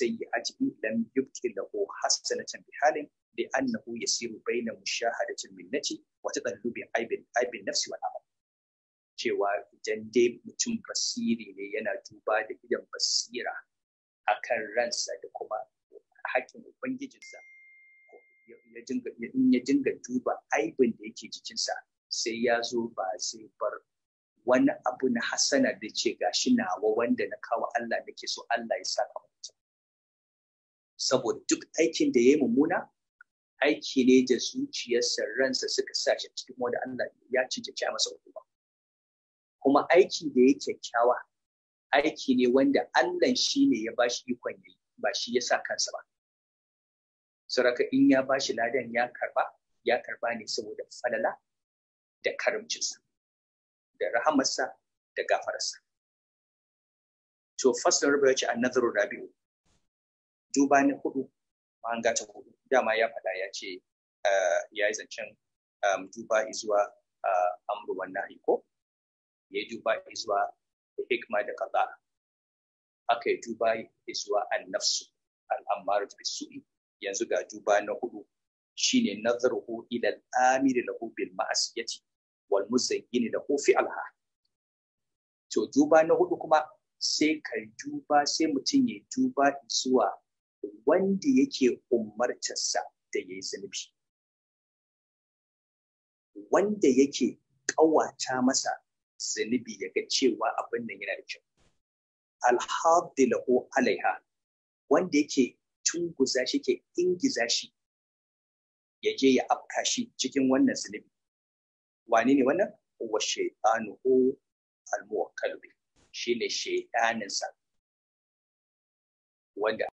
Sai sayyi'ati lam yubti lahu hasanatan bi halin bi annahu yasiru baina mushahadatin minnati wa tadallubi aibin aibin nafsi wal amal cewa idan dai mutum basiri ne yana duba da idan basira akan ransa da kuma hakkin ubangijinsa in ya dinga duba aibin da yake jikinsa sai ya zo ba zai bar wani abu na hasana da ce gashi nawa wanda na kawo Allah nake so Allah ya saka mutum saboda duk aikin da ya yi mummuna aiki ne da zuciyarsa ransa suka sa shi cikin wanda Allah ya cancanci a masa hukuma kuma aiki da ya kyakkyawa aiki ne wanda Allah shi ne ya bashi ikon yi ba shi ya sa kansa ba saraka in ya bashi ladan ya karba ya karba ne saboda falala da karamcinsa da rahamarsa da gafararsa to fasar rabu ya ce nazarin rabi'u duba na hudu mahanga ta hudu dama ya faɗa ya ce eh, ya yi zancen um, duba izuwa uh, amruwan nahi ko ya duba izuwa hikma da kaza aka yi duba izuwa annafsu al'ammaru da su'i yanzu ga duba na hudu shine nazaruhu ila al-amiri lahu bil ma'asiyati wal muzayyin lahu fi alha to duba na hudu kuma sai ka duba sai mutum ya duba zuwa wanda yake umarcinsa da ya yi zunubi wanda yake ƙawata masa zunubi ya ga cewa abin nan yana da kyau alhaddi alaiha wanda yake tunguza shi ke ingiza shi ya je ya afka shi cikin wannan zunubi wane ne wannan wa shaytanuhu almuwakkal bi shine shaytaninsa wanda